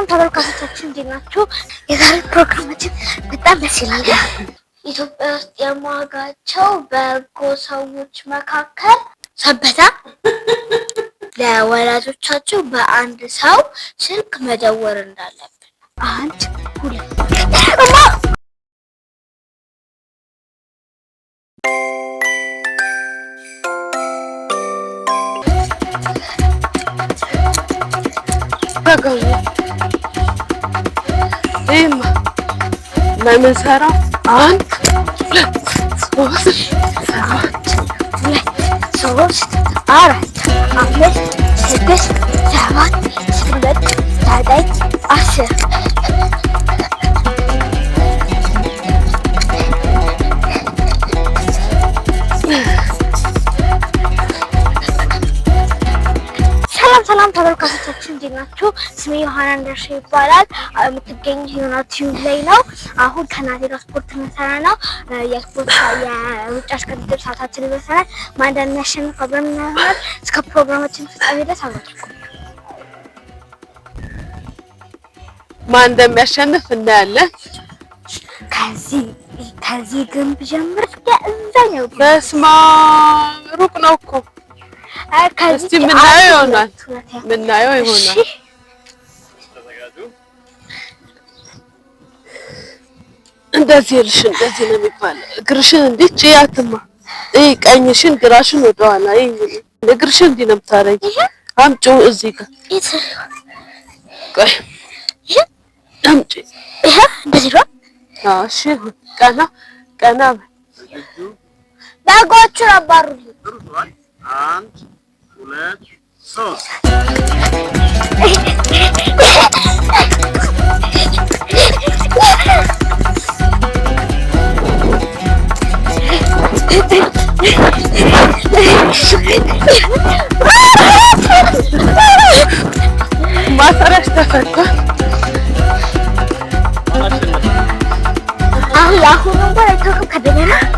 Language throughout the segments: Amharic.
ሰላም ተመልካቾቻችን እንዴት ናችሁ? የዛሬ ፕሮግራማችን በጣም ደስ ይላል። ኢትዮጵያ ውስጥ የማውቃቸው በጎ ሰዎች መካከል ሰበታ ለወላጆቻቸው በአንድ ሰው ስልክ መደወር እንዳለብን አንድ ሁለት በገቡ ለምሰራው አንድ ሁለት ሶስት ሰባት ሁለት ሶስት አራት አምስት ስድስት ሰባት ስምንት ዘጠኝ አስር ሰላም ተመልካቾቻችን እንዴት ናችሁ? ስሜ ዮሐና እንደርሼ ይባላል። የምትገኝ ዮና ቲዩብ ላይ ነው። አሁን ከናቴ ስፖርት መሰራ ነው። የስፖርት የውጭ አስከትል ሰዓታችን ይመሰራል። ማንዳን እንደሚያሸንፍ አብረን እናያለን። እስከ ፕሮግራማችን ፍጻሜ ድረስ አብራችሁ ማን እንደሚያሸንፍ እናያለን። ከዚህ ከዚህ ግንብ ጀምር እዛኛው በስማ ሩቅ ነው እኮ እስቲ ምናየው ይሆናል ምናየው ይሆናል እንደዚህ እልሽ እንደዚህ ነው የሚባለው። እግርሽን እንዴት ጭያትማ ይሄ ቀኝሽን ግራሽን ወደኋላ እግርሽን እንዲህ ነው የምታረጊ። አምጪው እዚህ ጋር አምጪ። እሺ ቀና ቀና በጎቹን አባሩልኝ። አንድ ሁለት ሶስት Bazara işte este Ferko. Ah, Yahoo'nun para takıp kabinera.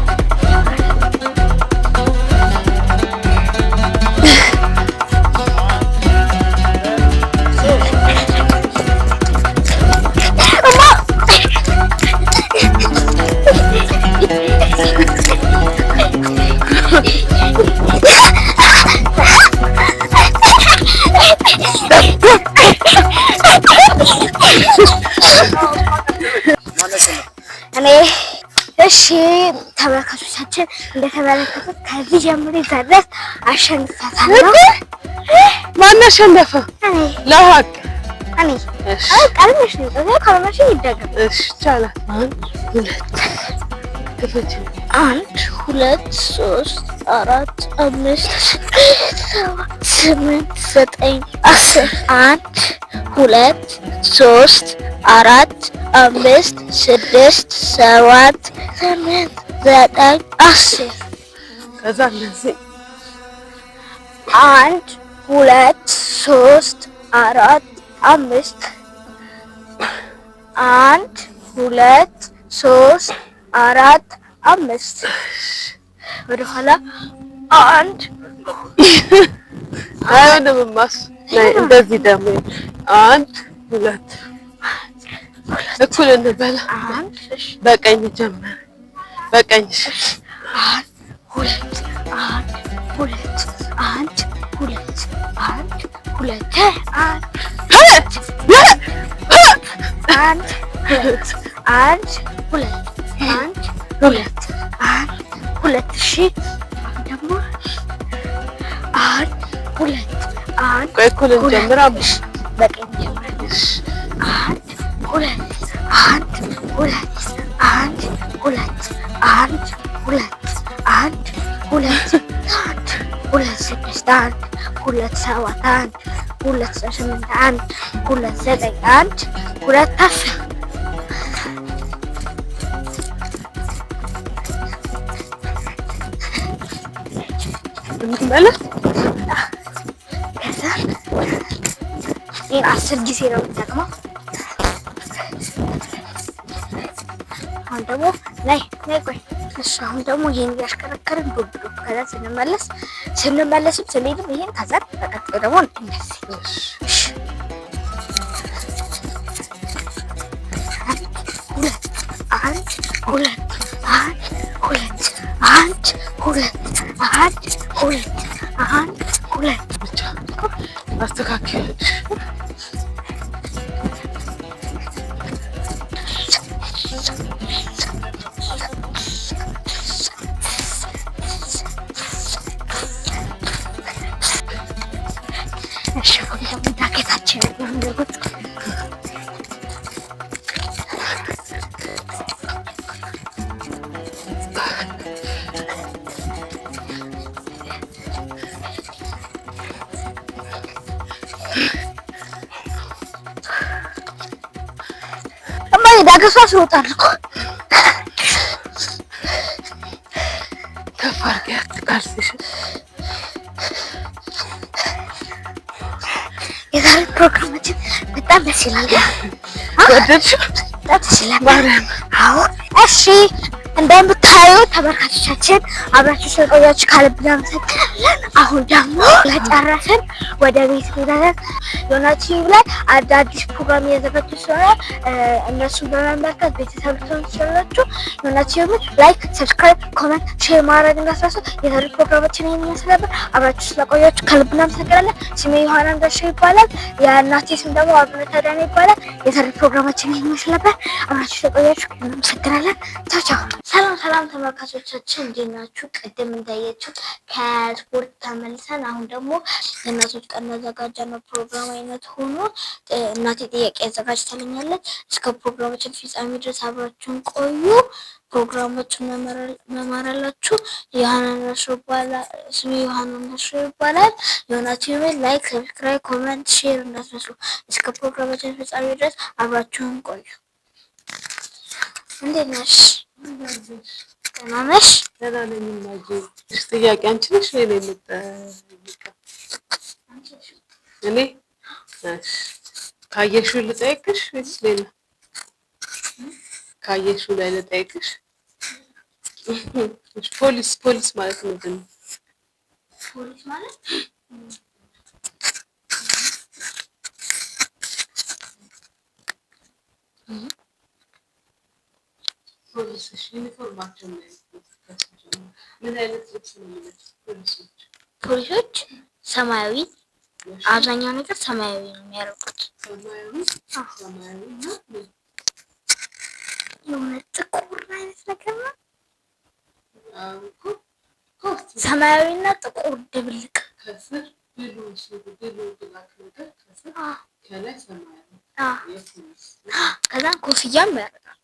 ቪዲዮችን እንደተመለከቱት ከዚህ ጀምሮ ይዘረስ አሸንፈታለሁ። ማን አሸነፈ? ለሀቅ አንድ ሁለት ሶስት አራት አምስት ስምንት ዘጠኝ አስር አንድ ሁለት ሶስት አራት አምስት ስድስት ሰባት ስምንት ዘጠኝ አስር ከዛ እንደዚህ አንድ ሁለት ሶስት አራት አምስት አንድ ሁለት ሶስት አራት አምስት ወደኋላ አንድ አይሆንምማስ እንደዚህ ደግሞ አንድ ሁለት እኩል እንበላ በቀኝ ጀመረ በቀኝሽ አንድ ሁለት አንድ ሁለት አንድ ሁለት አንድ ሁለት አንድ ሁለት አንድ ሁለት አንድ ሁለት አንድ ሁለት እሺ ደግሞ አንድ ሁለት አንድ ቆይ እኩል እንጀምር በቀኝ ጀምረሽ አንድ ሁለት አንድ ሁለት አንድ ሁለት ሰባት አንድ ሁለት ስምንት አንድ ሁለት ዘጠኝ አንድ ሁለት አስር የምትመለስ ከዛ አስር ጊዜ ነው የምጠቅመው። አሁን ደግሞ ላይ ላይ ቆይ እሱ አሁን ደግሞ ይህን እያሽከረከርን ብብ ከዛ ስንመለስ ስንመለስም ስንሄድም ይሄን ከዛ በቀጥሎ ደግሞ እንደዚህ አንድ ሁለት አንድ ሁለት አንድ ሁለት አንድ ሁለት አንድ ሁለት ብቻ አስተካክል። çevirmem lazım. Ama bir dakika ፕሮግራማችን በጣም ደስ ይላል። ደስ ይላል። እሺ እንደምታዩ ተመልካቾቻችን አብራችሁ ስለቆያችሁ ከልብ እናመሰግናለን። አሁን ደግሞ ከጨረስን ወደ ቤት ሄደን ዮና ቲዩብ ላይ አዳዲስ ፕሮግራም እየዘጋጁ ስለሆነ እነሱን በመመልከት ቤተሰብ ልትሆኑ ስለሆናችሁ ዮና ቲዩብን ላይክ፣ ሰብስክራይብ፣ ኮመንት፣ ሼር ማድረግ እንዳትረሱ። የዛሬ ፕሮግራማችን የሚመስል ነበር። አብራችሁ ስለቆያችሁ ከልብ እናመሰግናለን። ስሜ ዮሐና ንገሻ ይባላል። የእናቴ ስም ደግሞ አብነ አዳነ ይባላል። የዛሬ ፕሮግራማችን የሚመስል ነበር። አብራችሁ ስለቆያችሁ እናመሰግናለን። ቻው ቻው ሰላም ሰላም ተመልካቾቻችን እንዴት ናችሁ? ቅድም እንዳያችሁት ከስፖርት ተመልሰን አሁን ደግሞ የእናቶች ቀን ነው ፕሮግራም አይነት ሆኖ እናቴ ጥያቄ አዘጋጅታልኛለች። እስከ ፕሮግራማችን ፍጻሜ ድረስ አብራችሁን ቆዩ። ፕሮግራሞችን መማራላችሁ። ይባላል። ስሜ ዮሐንስ ይባላል። የሆናችሁ ኢሜል፣ ላይክ፣ ሰብስክራይብ፣ ኮመንት፣ ሼር እንዳትመስሉ። እስከ ፕሮግራማችን ፍጻሜ ድረስ አብራችሁን ቆዩ። እንዴት ነሽ? ምናምሽ ደህና ነኝ እማዬ። እሺ ጥያቄ አንቺ ነሽ ወይ እኔ ልጠይቅ? እኔ እሺ ካየሽው ልጠይቅሽ ወይስ ሌላ? ካየሽው ላይ ልጠይቅሽ። ፖሊስ ፖሊስ ማለት ምንድን ነው? ፖሊስ ማለት ፖሊሶች ዩኒፎርማቸው ምን አይነት ልብስ ነው የሚለብሱት? ፖሊሶች ፖሊሶች ሰማያዊ አብዛኛው ነገር ሰማያዊ ነው የሚያደርጉት። የሆነ ጥቁር አይነት ነገር ነው። ሰማያዊና ጥቁር ድብልቅ ከስር ብሉ ብሉ ብላክ ነገር ከስር ከላይ ሰማያዊ ከዛ ኮፍያም ያደርጋል።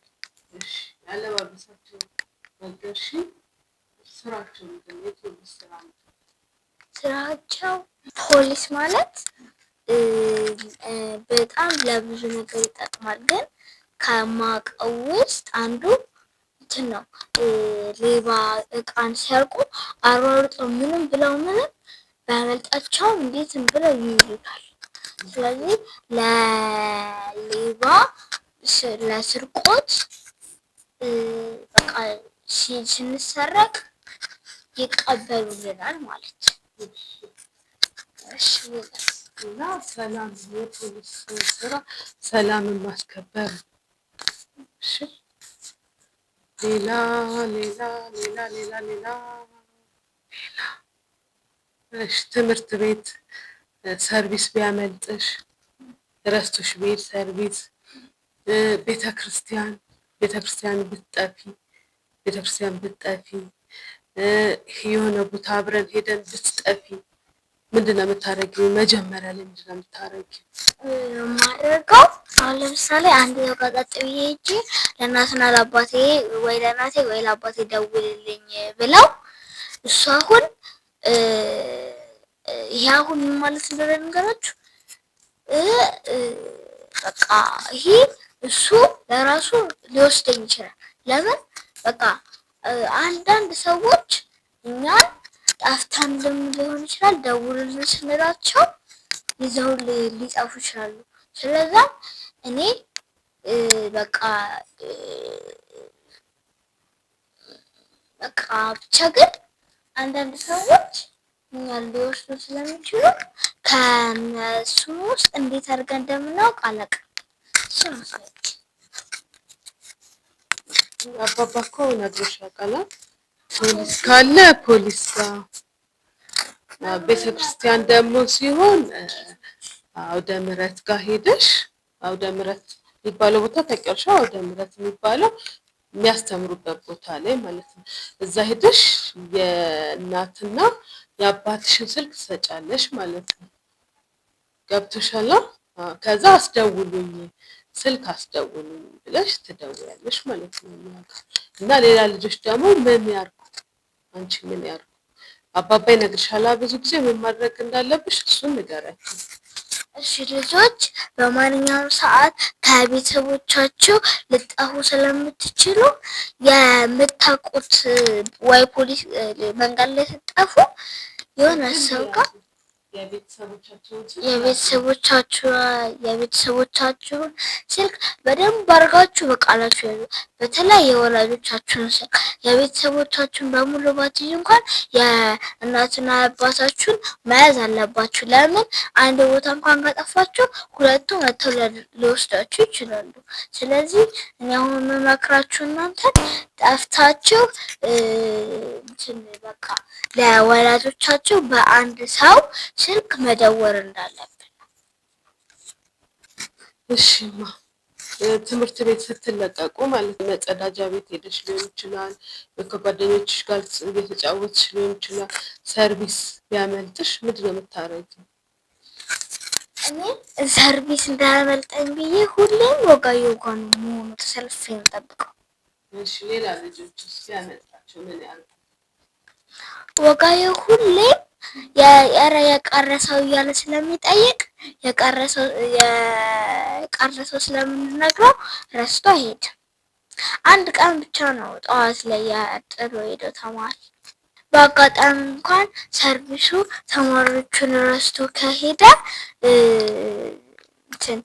ያለባበሳቸው ነገርሽኝ። ስራቸው የፖሊስ ስራ ስራቸው ፖሊስ ማለት በጣም ለብዙ ነገር ይጠቅማል። ግን ከማቀው ውስጥ አንዱ እንትን ነው ሌባ እቃን ሲያርቁ አሯሩጠው ምንም ብለው ምንም በመልጣቸው እንዴትም ብለው ይይዙታል። ስለዚህ ለሌባ ለስርቆት በቃ ስንሰረቅ ይቀበሉልናል ማለት ነው። እና ሰላም የፖሊስ ስራ ሰላምን ማስከበር ሌላ ሌላ ሌላ ሌላ ሌላ ትምህርት ቤት ሰርቪስ ቢያመልጥሽ ረስቶሽ ቤት ሰርቪስ ቤተ ክርስቲያን ቤተክርስቲያን ብትጠፊ ቤተክርስቲያን ብትጠፊ የሆነ ቦታ አብረን ሄደን ብትጠፊ ምንድን ነው መጀመሪያ ላይ ምንድን ነው ማድረገው አሁን ለምሳሌ አንድ ሰው ቀጠጥ ብዬ ሄጄ ለእናትና ለአባቴ ወይ ለእናቴ ወይ ለአባቴ ደውልልኝ ብለው እሱ አሁን ይሄ አሁን ማለት እንደነገራችሁ በቃ ይሄ እሱ ለራሱ ሊወስደኝ ይችላል። ለምን በቃ አንዳንድ ሰዎች እኛን ልም ሊሆን ይችላል ደውሉልን ስንላቸው ይዘው ሊጠፉ ይችላሉ። ስለዛ እኔ በቃ በቃ ብቻ ግን አንዳንድ ሰዎች እኛን ሊወስዱ ስለሚችሉ ከነሱ ውስጥ እንዴት አድርገን እንደምናውቅ አለቃ? አባባ እኮ ነግሮሽ ፖሊስ ካለ ፖሊስ ጋር፣ ቤተክርስቲያን ደግሞ ሲሆን አውደ ምረት ጋር ሄደሽ አውደ ምሕረት የሚባለው ቦታ ታውቂያለሽ? አውደ ምሕረት የሚባለው የሚያስተምሩበት ቦታ ላይ ማለት ነው። እዛ ሄደሽ የእናትና የአባትሽን ስልክ ትሰጫለሽ ማለት ነው። ገብቶሻል? ከዛ አስደውሉኝ ስልክ አስደውሉ ብለሽ ትደውያለሽ ማለት ነው። እና ሌላ ልጆች ደግሞ ምን ያርጉ፣ አንቺ ምን ያርጉ፣ አባባ ይነግርሻል ብዙ ጊዜ ምን ማድረግ እንዳለብሽ እሱን ንገሪያቸው። እሺ ልጆች፣ በማንኛውም ሰዓት ከቤተሰቦቻችሁ ልጠፉ ስለምትችሉ የምታውቁት ወይ ፖሊስ መንገድ ላይ ስትጠፉ የሆነ ሰው ጋር የቤተሰቦቻችሁን ስልክ በደንብ አድርጋችሁ በቃላችሁ ያዙ። በተለይ የወላጆቻችሁን ስልክ የቤተሰቦቻችሁን በሙሉ ባትይዙ እንኳን የእናትና አባታችሁን መያዝ አለባችሁ። ለምን አንድ ቦታ እንኳን ከጠፋችሁ ሁለቱ መጥተው ሊወስዳችሁ ይችላሉ። ስለዚህ እኔ አሁን የምመክራችሁ እናንተን ጠፍታችሁ እንትን በቃ ለወላጆቻቸው በአንድ ሰው ስልክ መደወር እንዳለብን። እሺማ ትምህርት ቤት ስትለቀቁ ማለት መጸዳጃ ቤት ሄደች ሊሆን ይችላል፣ ከጓደኞችሽ ጋር እየተጫወትሽ ሊሆን ይችላል። ሰርቪስ ቢያመልጥሽ ምንድን ነው የምታረጊው? እኔ ሰርቪስ እንዳያመልጠኝ ብዬ ሁሌም ወጋ የወጋ መሆኑ ተሰልፌ ነው የምጠብቀው። ሌላ ልጆች ውስጥ ቢያመልጣቸው ምን ያርጉ? ወጋዬ ሁሌም ያረ የቀረሰው እያለ ስለሚጠይቅ የቀረሰው ሰው ስለምንነግረው ረስቶ ሄድ። አንድ ቀን ብቻ ነው ጠዋት ላይ ጥሎ ሄዶ ተማሪ በአጋጣሚ እንኳን ሰርቪሱ ተማሪዎቹን ረስቶ ከሄደ እንትን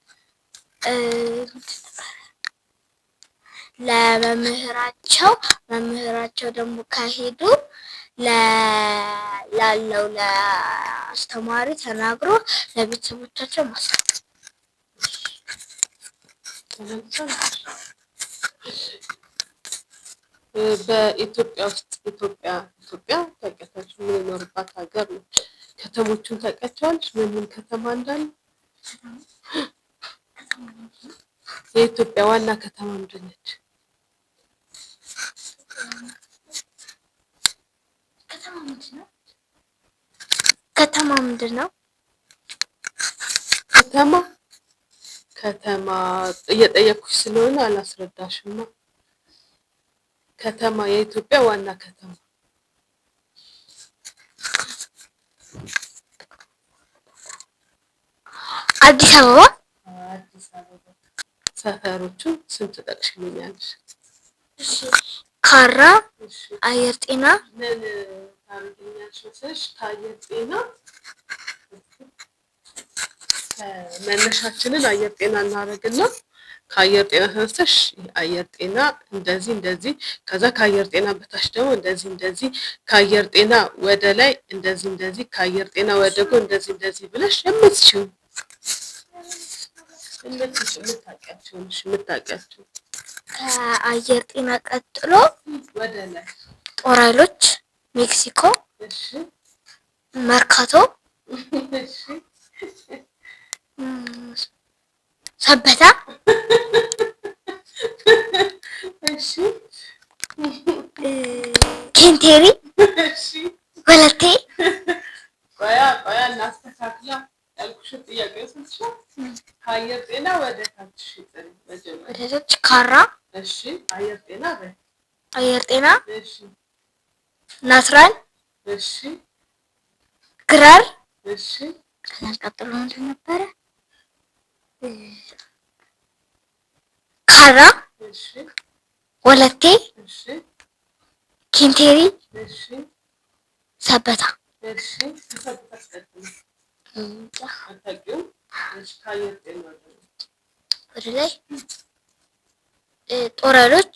ለመምህራቸው መምህራቸው ደግሞ ከሄዱ ላለው ለአስተማሪ ተናግሮ ለቤተሰቦቻቸው ማስረዳት በኢትዮጵያ ውስጥ ኢትዮጵያ ኢትዮጵያ ታውቂያታለሽ፣ የምንኖርባት ሀገር ነው። ከተሞቹን ታውቂያቸዋለሽ? ምን ምን ከተማ እንዳለ? የኢትዮጵያ ዋና ከተማ ምንድን ነች? ከተማ ምንድን ነው? ከተማ ምንድን ነው? ከተማ ከተማ እየጠየኩሽ ስለሆነ አላስረዳሽማ። ከተማ የኢትዮጵያ ዋና ከተማ አዲስ አበባ። ሰፈሮቹ ስም ትጠቅሽልኛለሽ? ካራ፣ አየር ጤና መድረሻችንሰሽ ከአየር ጤና መነሻችንን አየር ጤና እናደርግና ከአየር ጤና ተነስተሽ አየር ጤና እንደዚህ እንደዚህ፣ ከዛ ከአየር ጤና በታች ደግሞ እንደዚህ እንደዚህ፣ ከአየር ጤና ወደ ላይ እንደዚህ እንደዚህ፣ ከአየር ጤና ወደ ጎን እንደዚህ እንደዚህ ብለሽ የምትችው የምታውቂያቸው ከአየር ጤና ቀጥሎ ጦር ኃይሎች ሜክሲኮ መርካቶ፣ ሰበታ፣ ኬንቴሪ፣ ወለቴ እናስተካክላ። ወደ ታች ካራ አየር ጤና ናስራን እሺ፣ ግራር። እሺ፣ ከዛን ቀጥሎ ምንድን ነበረ? ካራ። እሺ፣ ወለቴ። እሺ፣ ኬንቴሪ። እሺ፣ ሰበታ። እሺ፣ ወደ ላይ ጦረሎች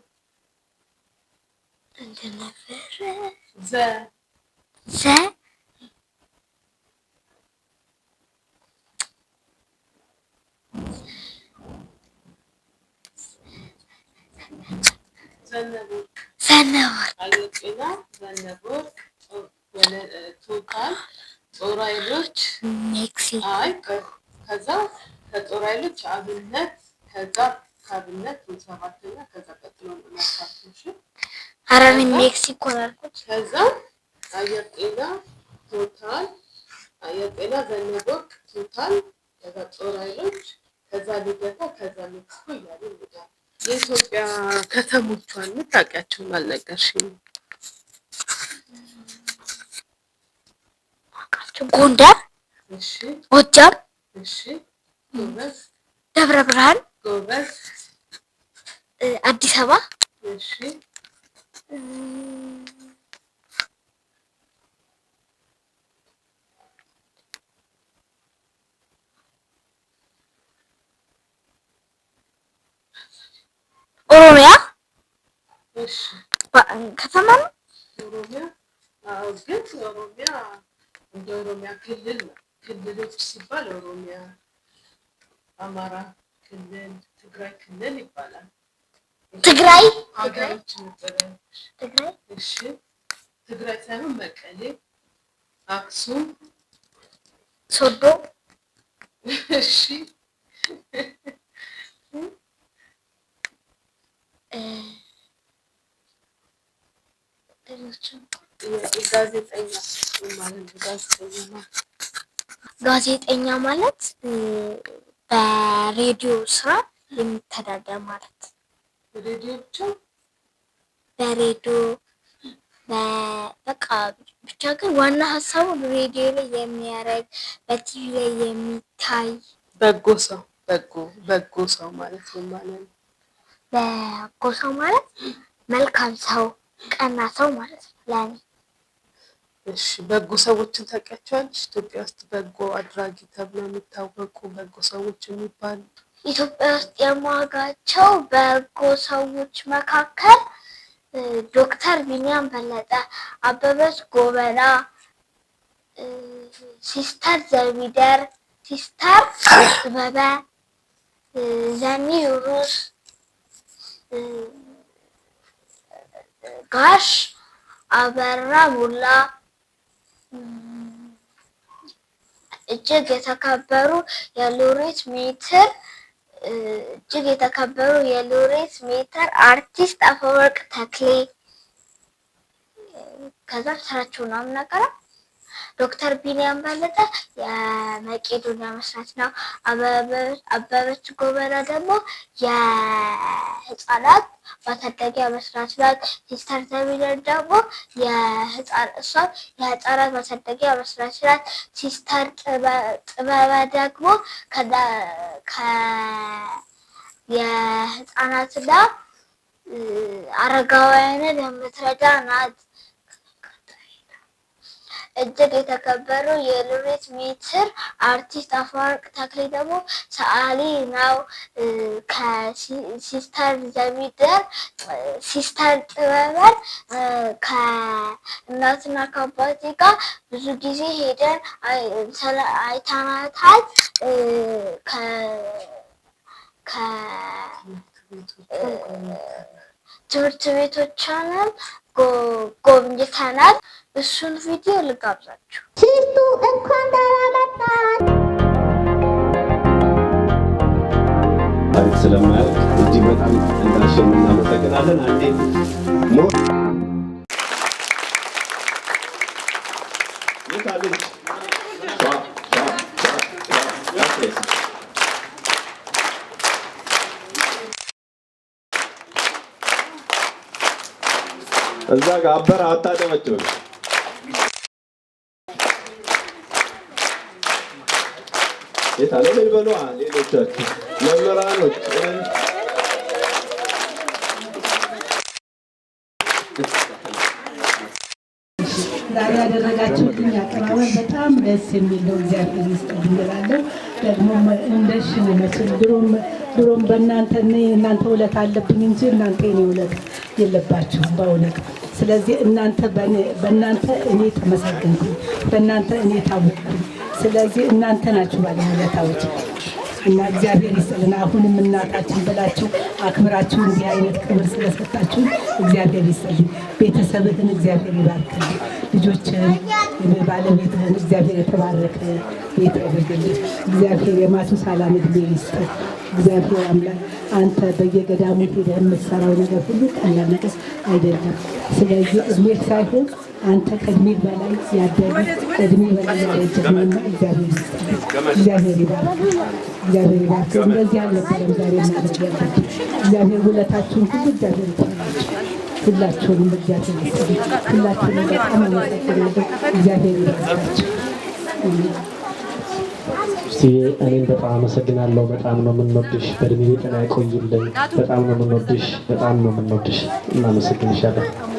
እንደነበረ ዘ ዘ ጦር ኃይሎች ከዛ ከጦር ኃይሎች አብነት ከዛ ከአብነት ሰባተኛ ከዛ ቀጥሎ ኧረ እኔ ሜክሲኮ ነው ያልኩት። ከዛ አየር ጤና ቶታል፣ አየር ጤና ዘነበወርቅ ቶታል፣ ከዛ ጦር ኃይሎች፣ ከዛ ልደታ፣ ከዛ ሜክሲኮ እያሉ ይሄዳል። የኢትዮጵያ ከተሞቿን የምታውቂያቸውን አልነገርሽኝም። ጎንደር፣ ጎጃም፣ ደብረ ብርሃን፣ አዲስ አበባ ኦሮሚያ ከተማ ነው። ኦሮሚያ እንደ ኦሮሚያ ክልል ነው። ክልሎች ሲባል ኦሮሚያ፣ አማራ ክልል፣ ትግራይ ክልል ይባላል። ትግራይ ትግራይ ሳይሆን መቀሌ፣ አክሱም፣ ሶዶ እሺ ጋዜጠኛ ማለት በሬዲዮ ስራ የሚተዳደር ማለት በሬዲዮ በቃ ብቻ ግን ዋና ሀሳቡ ሬዲዮ ላይ የሚያደርግ በቲቪ ላይ የሚታይ በጎ ሰው በጎ በጎ ሰው ማለት ነው ማለት በጎ ሰው ማለት መልካም ሰው ቀና ሰው ማለት ነው ለእኔ። እሺ በጎ ሰዎችን ታውቂያቸዋለሽ? ኢትዮጵያ ውስጥ በጎ አድራጊ ተብሎ የሚታወቁ በጎ ሰዎች የሚባሉ ኢትዮጵያ ውስጥ የሟጋቸው በጎ ሰዎች መካከል ዶክተር ቢኒያም በለጠ፣ አበበች ጎበና፣ ሲስተር ዘቢደር፣ ሲስተር ጥበበ፣ ዘኒ ሩስ፣ ጋሽ አበራ ሙላ እጅግ የተከበሩ የሎሬት ሜትር እጅግ የተከበሩ የሎሬንስ ሜተር አርቲስት አፈወርቅ ተክሌ ከዛ ስራቸው ነው ምናቀራ ዶክተር ቢኒያም በለጠ የመቄዶኒያ መስራት ነው። አበበች ጎበና ደግሞ የህፃናት ማሳደጊያ መስራት ናት። ሲስተር ዘቢደር ደግሞ እሷም የህፃናት ማሳደጊያ መስራት ናት። ሲስተር ጥበበ ደግሞ ከዛ የህፃናትና አረጋውያንን የምትረዳ ናት። እጅግ የተከበሩ የሉሊት ሜትር አርቲስት አፈወርቅ ተክሌ ደግሞ ሰዓሊ ነው። ከሲስተር ዘሚደር ሲስተር ጥበበን ከእናትና ከአባቴ ጋር ብዙ ጊዜ ሄደን አይተናታል። ትምህርት ቤቶቿንም ጎብኝተናል። እሱን ቪዲዮ ልጋብዛችሁ። ሽቱ እንኳን ደህና መጣን። ታሪክ ስለማያውቅ እጅግ በጣም እንዳሸን እናመሰግናለን። አንዴ እዛ ጋር አበረ አታደመችው ጌታ ለምን በሉ ሌሎቻችሁ መምህራኖች ዛሬ ያደረጋችሁልኝ አቀባበል በጣም ደስ የሚል ነው። እግዚአብሔር ይስጥልኝ እላለሁ። ደግሞ እንደሽ ይመስል ድሮም በእናንተ እናንተ ውለት አለብኝ እንጂ እናንተ የኔ ውለት የለባችሁም በእውነት። ስለዚህ እናንተ በእናንተ እኔ ተመሰገንኩኝ፣ በእናንተ እኔ ታወቅኩኝ። ስለዚህ እናንተ ናችሁ ባለውለታዎች እና እግዚአብሔር ይስጥልን። አሁንም እናታችን ብላችሁ አክብራችሁ እንዲህ አይነት ክብር ስለሰጣችሁ እግዚአብሔር ይስጥልን። ቤተሰብህን እግዚአብሔር ይባርክል። ልጆችን ባለቤትህን እግዚአብሔር የተባረከ ቤት ያደርግልህ። እግዚአብሔር የማቱሳላም እድሜ ይስጥ። እግዚአብሔር አምላክ አንተ በየገዳሙ ሄደህ የምትሰራው ነገር ሁሉ ቀላል ነገር አይደለም። ስለዚህ እድሜት ሳይሆን አንተ ከእድሜ በላይ ያደረ ከእድሜ በላይ ያረጀና እግዚአብሔር እግዚአብሔር ይባርክ። እንደዚህ አልነበረም ዛሬ ማለት ያለበት እግዚአብሔር ውለታችሁን ሁሉ እግዚአብሔር ይባርካችሁ። ሁላችሁንም እግዚአብሔር ይስጥልኝ። ሁላችሁንም በጣም አመሰግናለሁ። እግዚአብሔር ይባርካችሁ። እኔም በጣም አመሰግናለሁ። በጣም ነው የምንወድሽ። በእድሜ ጤና ይቆይልን። በጣም ነው የምንወድሽ። በጣም ነው የምንወድሽ። እናመሰግንሻለን።